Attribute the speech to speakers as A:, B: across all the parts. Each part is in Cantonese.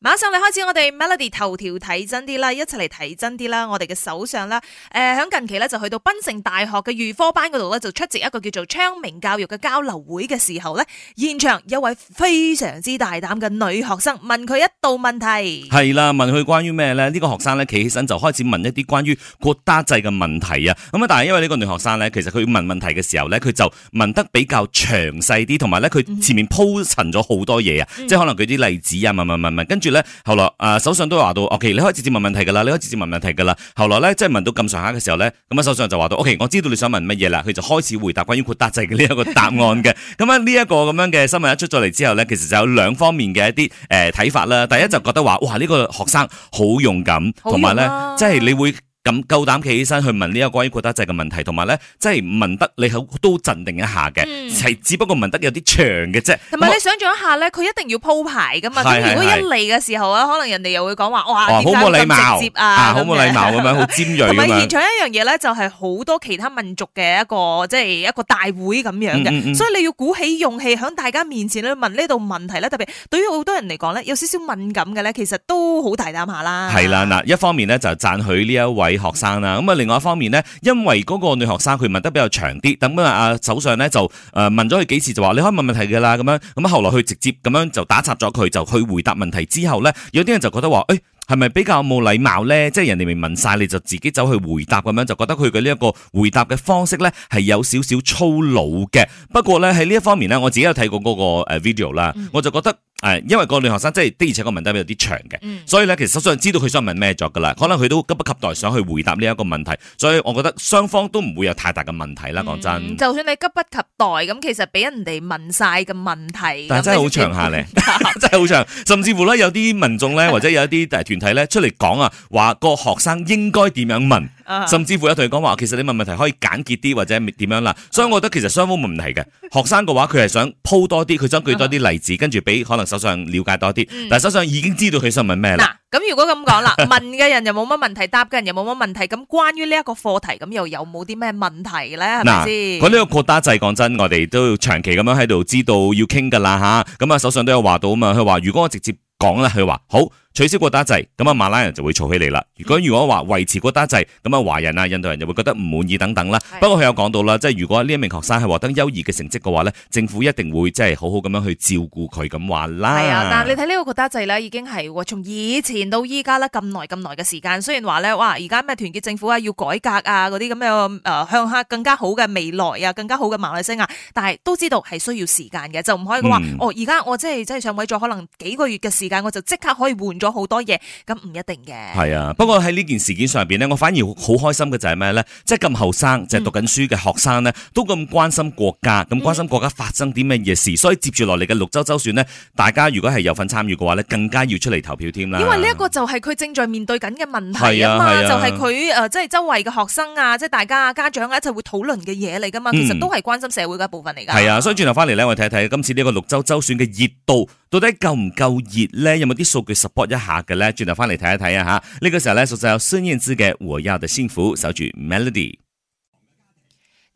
A: 馬上嚟開始我們來，我哋 Melody 頭條睇真啲啦，一齊嚟睇真啲啦。我哋嘅首相啦，誒、呃，喺近期呢，就去到檳城大學嘅預科班嗰度呢，就出席一個叫做昌明教育嘅交流會嘅時候呢，現場有位非常之大膽嘅女學生問佢一道問題。
B: 係啦，問佢關於咩呢？呢、這個學生呢企起身就開始問一啲關於國家制嘅問題啊。咁啊，但係因為呢個女學生呢，其實佢問問題嘅時候呢，佢就問得比較詳細啲，同埋呢佢前面鋪陳咗好多嘢啊，即係可能舉啲例子啊，問問問問，跟住。咧、呃 Okay,，後來誒，首相都話到，O K，你可以直接問問題噶啦，你可以直接問問題噶啦。後來咧，即係問到咁上下嘅時候咧，咁啊，首相就話到，O K，我知道你想問乜嘢啦，佢就開始回答關於豁達制嘅呢一個答案嘅。咁啊，呢一個咁樣嘅新聞一出咗嚟之後咧，其實就有兩方面嘅一啲誒睇法啦。第一就覺得話，哇，呢、這個學生好勇敢，同埋咧，呢啊、即係你會。咁夠膽企起身去問呢一個關於國家制嘅問題，同埋咧，即係問得你好都鎮定一下嘅，係、嗯、只不過問得有啲長嘅啫。同埋你
A: 想像一下咧，佢一定要鋪排噶嘛。咁如果一嚟嘅時候啊，可能人哋又會講話哇，哦、好冇禮貌啊，啊，好冇禮貌咁
B: 樣，好尖鋭。同 埋現場
A: 一樣嘢咧，就係、是、好多其他民族嘅一個即係一個大會咁樣嘅，嗯嗯嗯，所以你要鼓起勇氣喺大家面前去問呢度問題咧，特別對於好多人嚟講咧，有少少敏感嘅咧，其實都好大膽下啦。係
B: 啦，嗱，一方面咧就讚許呢一位。學生啦，咁啊，另外一方面呢，因為嗰個女學生佢問得比較長啲，咁啊，手上呢就誒問咗佢幾次就話，你可以問問題噶啦，咁樣，咁後來佢直接咁樣就打插咗佢，就去回答問題之後呢，有啲人就覺得話，誒、欸，係咪比較冇禮貌呢？就是即係人哋未問晒你就自己走去回答咁樣，就覺得佢嘅呢一個回答嘅方式呢係有少少粗魯嘅。不過呢，喺呢一方面呢，我自己有睇過嗰個誒 video 啦，我就覺得。誒，因為個女學生即係的，而且個問題有啲長嘅，所以咧其實實際上知道佢想問咩作噶啦，可能佢都急不及待想去回答呢一個問題，所以我覺得雙方都唔會有太大嘅問題啦。講、嗯、真，
A: 就算你急不及待咁，其實俾人哋問晒嘅問題，但真係好長
B: 下咧，真係好長， 甚至乎咧有啲民眾咧或者有一啲誒團體咧出嚟講啊，話個學生應該點樣問。甚至乎有同佢講話，其實你問問題可以簡潔啲或者點樣啦，所以我覺得其實雙方冇問題嘅。學生嘅話佢係想鋪多啲，佢想舉多啲例子，跟住俾可能手上了解多啲。但係手上已經知道佢想問咩啦，嗯。嗱，
A: 咁如果咁講啦， 問嘅人又冇乜問題，答嘅人又冇乜問題，咁關於呢一個課題咁又有冇啲咩問題咧？係咪先？佢
B: 呢個課題制，講真，我哋都要長期咁樣喺度知道要傾噶啦吓。咁啊，手上都有話到啊嘛，佢話如果我直接講咧，佢話好，取消固打制，咁啊馬拉人就會吵起嚟啦。如果如果話維持固打制，咁啊華人啊印度人就會覺得唔滿意等等啦。不過佢有講到啦，即係如果呢一名學生係獲得優異嘅成績嘅話咧，政府一定會即係好好咁樣去照顧佢咁話啦。係啊，但係你
A: 睇呢個固打制咧，已經係從以前到依家咧咁耐咁耐嘅時間。雖然話咧哇，而家咩團結政府啊要改革啊嗰啲咁嘅誒向下更加好嘅未來啊，更加好嘅馬來西亞，但係都知道係需要時間嘅，就唔可以話、嗯、哦，而家我即係即係上位咗可能幾個月嘅時間我就即刻可以換咗。好多嘢，咁唔一定嘅。
B: 係啊，不過喺呢件事件上邊咧，我反而好開心嘅就係咩咧？即係咁後生，即係讀緊書嘅學生咧，都咁關心國家，咁、嗯、關心國家發生啲咩嘢事。所以接住落嚟嘅六州州選咧，大家如果係有份參與嘅話咧，更加要出嚟投票添啦。因為呢一個
A: 就係佢正在面對緊嘅問題啊嘛，啊啊就係佢誒，即、呃、係周圍嘅學生啊，即係大家家長啊，一齊會討論嘅嘢嚟噶嘛。其實都係關心社會嘅一部分嚟噶。係、嗯、啊，
B: 所以轉頭翻嚟咧，我哋睇一睇今次呢個六州州，州選嘅熱度。到底夠唔夠熱呢？有冇啲數據 support 一下嘅呢？轉頭翻嚟睇一睇啊吓！呢個時候咧，就就有孫燕姿嘅《我要的幸福》守住 Melody。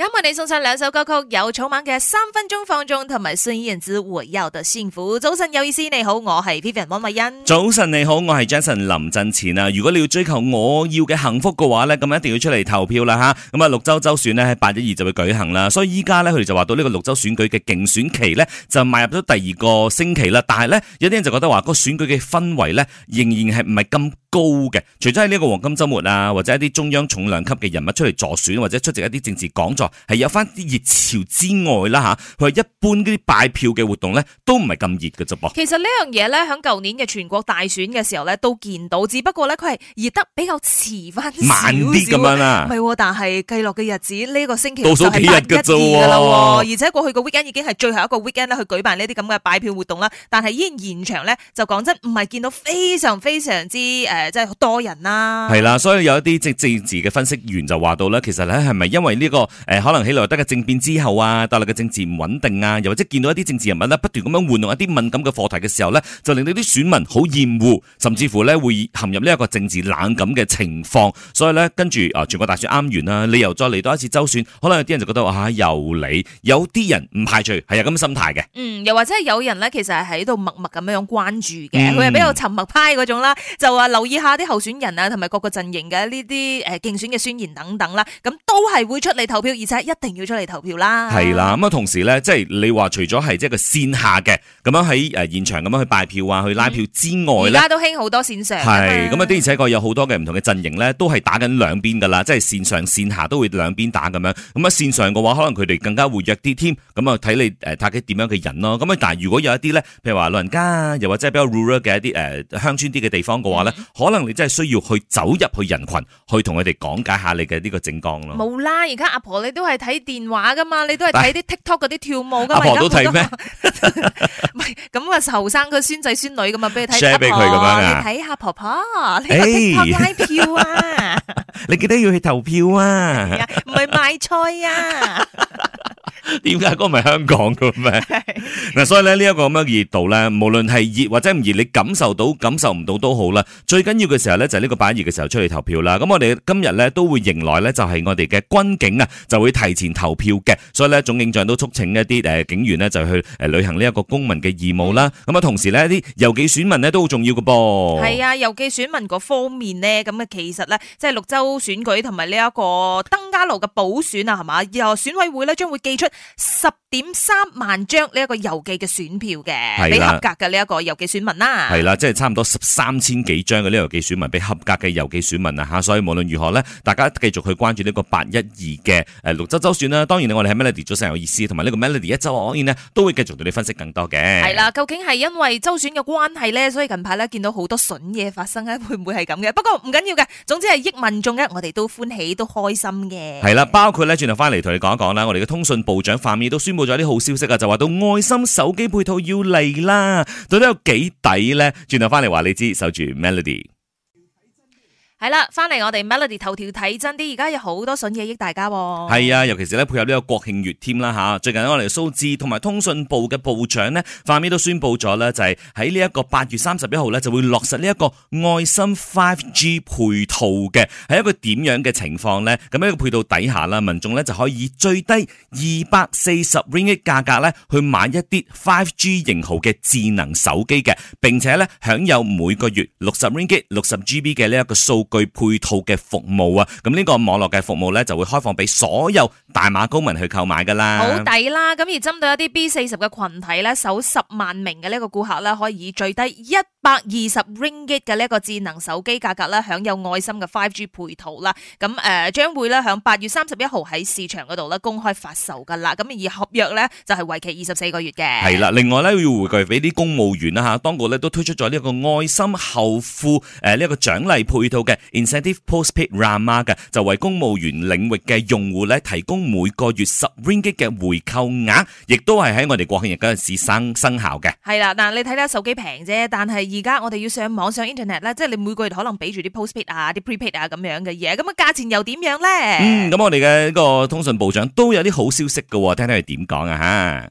A: 今日你送上兩首歌曲，有草蜢嘅《三分鐘放縱》同埋孫燕姿《我要的幸福》。早晨有意思，你好，我係 Vivian 汪慧欣。
B: 早晨你好，我係 Jason 林振前啊！如果你要追求我要嘅幸福嘅話咧，咁一定要出嚟投票啦吓！咁啊六州州選咧喺八一二就會舉行啦，所以依家咧佢哋就話到呢個六州選舉嘅競選期咧就邁入咗第二個星期啦。但係咧有啲人就覺得話個選舉嘅氛圍咧仍然係唔係咁。高嘅，除咗喺呢個黃金周末啊，或者一啲中央重量級嘅人物出嚟助選，或者出席一啲政治講座，係有翻啲熱潮之外啦，吓佢係一般啲拜票嘅活動咧，都唔係咁熱嘅啫噃。其
A: 實呢樣嘢咧，喺舊年嘅全國大選嘅時候咧，都見到，只不過咧佢係熱得比較遲翻啲、慢啲咁樣啦。唔係、啊哦，但係計落嘅日子呢、這個星期就係八日至噶啦，而且過去個 weekend 已經係最後一個 weekend 咧去舉辦呢啲咁嘅拜票活動啦。但係依然現場咧，就講真唔係見到非常非常之誒。誒，即係好多人啦、啊，係啦，
B: 所以有一啲政政治嘅分析員就話到咧，其實咧係咪因為呢、呢個可能喜來登嘅政變之後啊，帶嚟嘅政治唔穩定啊，又或者見到一啲政治人物咧不斷咁樣玩弄一啲敏感嘅課題嘅時候咧，就令到啲選民好厭惡，甚至乎咧會陷入呢一個政治冷感嘅情況。所以咧，跟住啊，全國大選啱完啦，你又再嚟到一次州選，可能有啲人就覺得啊，又嚟，有啲人唔排除係有咁心態嘅。嗯，
A: 又或者有人咧，其實係喺度默默咁樣關注嘅，佢係比較沉默派嗰種啦，就話留，以下啲候選人啊，同埋各個陣營嘅呢啲誒競選嘅宣言等等啦，咁都係會出嚟投票，而且一定要出嚟投票啦。係
B: 啦，咁啊同時咧，即係你話除咗係即係個線下嘅咁樣喺誒現場咁樣去拜票啊，去拉票之外咧，而家、嗯、
A: 都興好多線上。係咁啊，
B: 的而且確有好多嘅唔同嘅陣營咧，都係打緊兩邊噶啦，即係線上線下都會兩邊打咁樣。咁啊線上嘅話，可能佢哋更加活躍啲添。咁啊睇你睇嘅點樣嘅人咯。咁啊但係如果有一啲咧，譬如話老人家又或者係比較 rural 嘅一啲鄉村啲嘅地方嘅話咧。嗯可能你真係需要去走入去人群，去同佢哋講解一下你嘅呢個政綱咯。冇
A: 啦，而家阿婆你都係睇電話噶嘛，你都係睇啲 TikTok 嗰啲跳舞噶嘛，啊。阿婆都睇咩？唔係，咁啊後生個孫仔孫女咁啊，俾佢睇阿婆，睇下婆婆，欸，你睇下 TikTok 真係啊。
B: 你記得要去投票啊！
A: 唔係買菜啊？
B: 點解嗰個唔係香港嘅咩？嗱，所以咧呢一個咁樣熱度咧，無論係熱或者唔熱，你感受到感受唔到都好啦。最緊要嘅時候咧，就係呢個白熱嘅時候出去投票啦。咁我哋今日咧都會迎來咧，就係我哋嘅軍警啊，就會提前投票嘅。所以咧，總警長都促請一啲誒警員咧，就去誒履行呢一個公民嘅義務啦。咁啊，同時咧啲郵寄選民咧都好重要嘅噃。係
A: 啊，郵寄選民嗰方面咧，咁嘅其實咧，即係六州。選選舉同埋呢一個登嘉樓嘅補選啊，係嘛？然後選委會咧將會寄出十點三萬張呢一個郵寄嘅選票嘅，俾合格嘅呢一個郵寄選民啦。係
B: 啦，即係差唔多十三千幾張嘅呢個郵寄選民，俾合格嘅郵寄選民啊吓、啊。所以無論如何咧，大家繼續去關注呢個八一二嘅誒六州州選啦、啊。當然我哋喺 Melody 早晨有意思，同埋呢個 Melody 一周，我當然都會繼續對你分析更多嘅。係
A: 啦，究竟係因為州選嘅關係咧，所以近排咧見到好多筍嘢發生咧，會唔會係咁嘅？不過唔緊要嘅，總之係益民我哋都歡喜，都開心嘅。係
B: 啦，包括咧，轉頭翻嚟同你講一講啦。我哋嘅通訊部長范面都宣布咗啲好消息啊，就話到愛心手機配套要嚟啦。到底有幾抵呢？轉頭翻嚟話你知，守住 Melody。
A: 係啦，翻嚟，我哋 Melody 頭條睇真啲，而家有好多笋嘢益大家、哦。係
B: 啊，尤其是咧配合呢個國慶月添啦吓，最近我哋數字同埋通訊部嘅部長咧，快啲都宣布咗呢就係喺呢一個八月三十一號咧，就會落實呢一個愛心 Five G 配套嘅。係一個點樣嘅情況咧？咁、這、喺個配套底下啦，民眾咧就可以最低二百四十 ringgit 價格咧去買一啲 Five G 型號嘅智能手機嘅，並且咧享有每個月六十 ringgit、六十 GB 嘅呢一個數。具配套嘅服務啊，咁呢個網絡嘅服務咧就會開放俾所有大馬公民去購買噶啦，好抵
A: 啦！咁而針對一啲 B 四十嘅羣體咧，首十萬名嘅呢一個顧客咧，可以以最低一百二十 Ringgit 嘅呢一個智能手機價格咧，享有愛心嘅 5G 配套啦。咁誒將會咧響八月三十一號喺市場嗰度咧公開發售噶啦。咁而合約咧就係為期二十四個月嘅。係
B: 啦，另外咧要回饋俾啲公務員啦嚇，當局咧都推出咗呢一個愛心後付誒呢一個獎勵配套嘅。incentive postpaidRahmah 嘅就為公務員領域嘅用戶咧提供每個月十 ringgit 嘅回扣額，亦都係喺我哋國慶日嗰陣時生生效嘅。
A: 係啦，嗱你睇睇，手機平啫，但係而家我哋要上網上 internet 咧，即係你每個月可能俾住啲 postpaid 啊、啲 prepaid 啊咁樣嘅嘢，咁啊價錢又點樣咧？嗯，
B: 咁我哋嘅呢個通訊部長都有啲好消息噶，聽聽佢點講啊吓。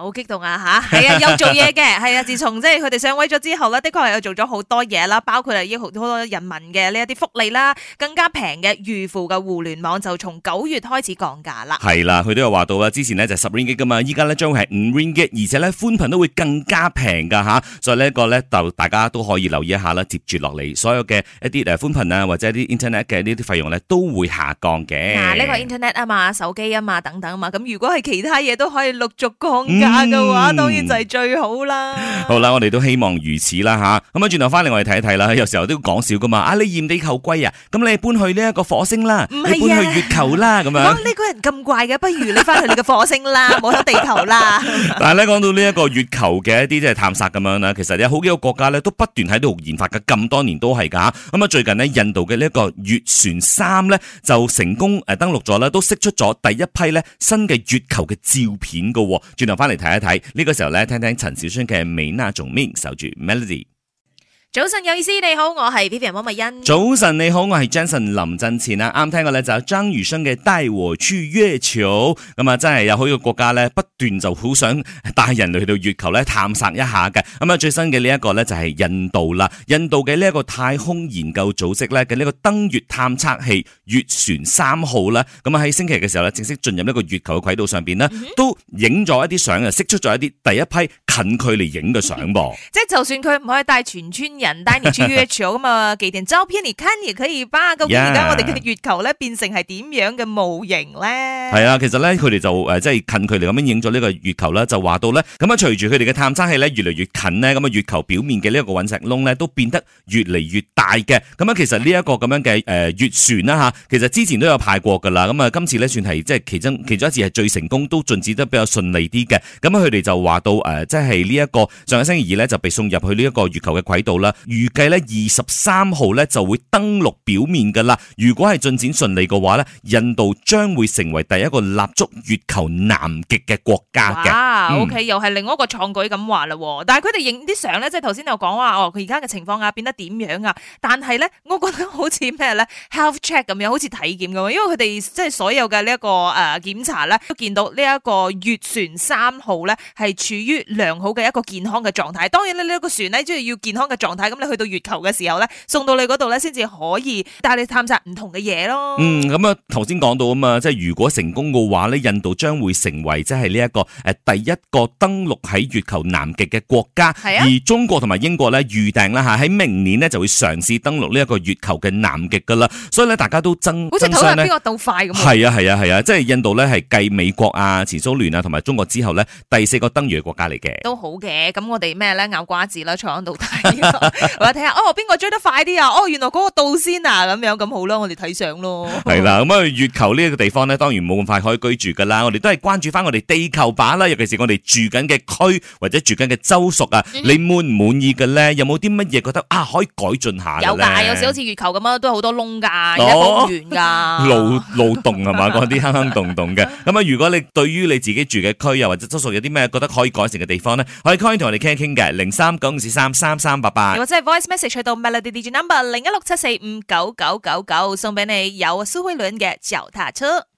A: 好 激動啊，吓，係啊，有、啊、做嘢嘅，係啊，自從即係佢哋上位咗之後呢，的確係有做咗好多嘢啦，包括係好多人民嘅呢一啲福利啦，更加平嘅預付嘅互聯網就從九月開始降價啦。
B: 係 啦、啊，佢都有話到啦，之前呢就十 ringgit 噶嘛，依家呢將係五 ringgit，而且呢寬頻都會更加平噶吓，所以呢個呢就大家都可以留意一下啦，接住落嚟，所有嘅一啲誒寬頻啊或者一啲 internet 嘅呢啲費用呢，都會下降嘅。嗱、啊、呢、這個
A: internet 啊嘛，手機啊嘛，等等啊嘛，咁如果係其他嘢都可以陸續降價。嗯嘅話當然就係最好啦。
B: 好啦，我哋都希望如此啦吓。咁啊，轉頭翻嚟我哋睇一睇啦。有時候都講笑噶嘛。啊，你嫌地球貴啊？咁你搬去呢一個火星啦，唔係啊，搬去月球啦咁樣。
A: 呢個人咁怪嘅，不如你翻去你嘅火星啦，冇咗地球啦。但
B: 係，咧講到呢一個月球嘅一啲即係探索咁樣啦，其實有好幾個國家咧都不斷喺度研發嘅，咁多年都係噶。咁啊，最近咧印度嘅呢一個月船三咧就成功誒登陸咗啦，都釋出咗第一批咧新嘅月球嘅照片噶。轉頭翻嚟。睇一睇呢、這個時候咧，聽聽陳小春嘅《美娜仲未守住 Melody》。
A: 早晨有意思，你好，我係 Vivian 莫密欣。
B: 早晨你好，我係 Jason 林振前啊，啱聽個咧就係、是、張雨生嘅帶我去月球，咁啊真係有好幾個國家咧不斷就好想帶人類去到月球咧探索一下嘅，咁啊最新嘅呢一個咧就係、是、印度啦，印度嘅呢一個太空研究組織咧嘅呢個登月探測器月船三號啦，咁啊喺星期嘅時候咧正式進入一個月球嘅軌道上邊啦、嗯，都影咗一啲相啊，釋出咗一啲第一批近距離影嘅相噃，
A: 即 係就算佢唔可以帶全村。人帶你去月球咁啊，幾點周片你肯尼可以把咁而家我哋嘅月球咧變成係點樣嘅模型咧？
B: 係啊， 其實咧佢哋就誒即係近距離咁樣影咗呢個月球啦，就話到咧，咁啊隨住佢哋嘅探測器咧越嚟越近咧，咁啊月球表面嘅呢一個隕石窿咧都變得越嚟越大嘅。咁啊，其實呢一個咁樣嘅誒月船啦嚇，其實之前都有派過㗎啦，咁啊今次咧算係即係其中其中一次係最成功，都進展得比較順利啲嘅。咁啊佢哋就話到誒，即係呢一個上個星期二咧就被送入去呢一個月球嘅軌道啦。預計咧二十三號咧就會登陸表面噶啦，如果係進展順利嘅話咧，印度將會成為第一個立足月球南極嘅國家嘅。哇，OK，嗯，
A: 又係另外一個創舉咁話啦。但係佢哋影啲相咧，即係頭先又講話哦，佢而家嘅情況啊變得點樣啊？但係咧，我覺得好似咩咧？Health check 咁樣，好似體檢咁，因為佢哋即係所有嘅呢一個誒、呃、檢查咧，都見到呢一個月船三號咧係處於良好嘅一個健康嘅狀態。當然呢，呢個船咧即係要健康嘅狀態。咁你去到月球嘅時候咧，送到你嗰度咧，先至可以帶你探索唔同嘅嘢咯。嗯，
B: 咁啊，頭先講到啊嘛，即係如果成功嘅話咧，印度將會成為即係呢一個誒第一個登陸喺月球南極嘅國家。係啊。而中國同埋英國咧，預定啦吓，喺明年咧就會嘗試登陸呢一個月球嘅南極噶啦。所以咧，大家都爭，好似睇下邊個
A: 鬥快咁。係啊
B: 係啊係啊，啊，啊，即係印度咧係繼美國啊、前蘇聯啊同埋中國之後咧，第四個登月嘅國家嚟嘅。
A: 都好嘅，咁我哋咩咧咬瓜子啦，坐喺度睇。 我睇下哦，邊個追得快啲啊？哦，原來嗰個導先啊，咁樣咁好咯，我哋睇相咯。
B: 係啦，咁啊月球呢一個地方咧，當然冇咁快可以居住噶啦。我哋都係關注翻我哋地球吧啦，尤其是我哋住緊嘅區或者住緊嘅州屬啊，你滿唔滿意嘅咧？有冇啲乜嘢覺得啊，可以改進下咧？有噶，有時好
A: 似月球咁樣，都好多窿噶，而且好遠噶。路
B: 路洞係嘛？嗰啲坑坑洞洞嘅。咁啊，如果你對於你自己住嘅區又或者州屬有啲咩覺得可以改善嘅地方咧，可以 kindly 同我哋傾一傾嘅零三九五四三三三八八。或
A: 者係 voice message 去到 Melody DJ number 零一六七四五九九九九，送畀你有蘇慧倫嘅腳踏車。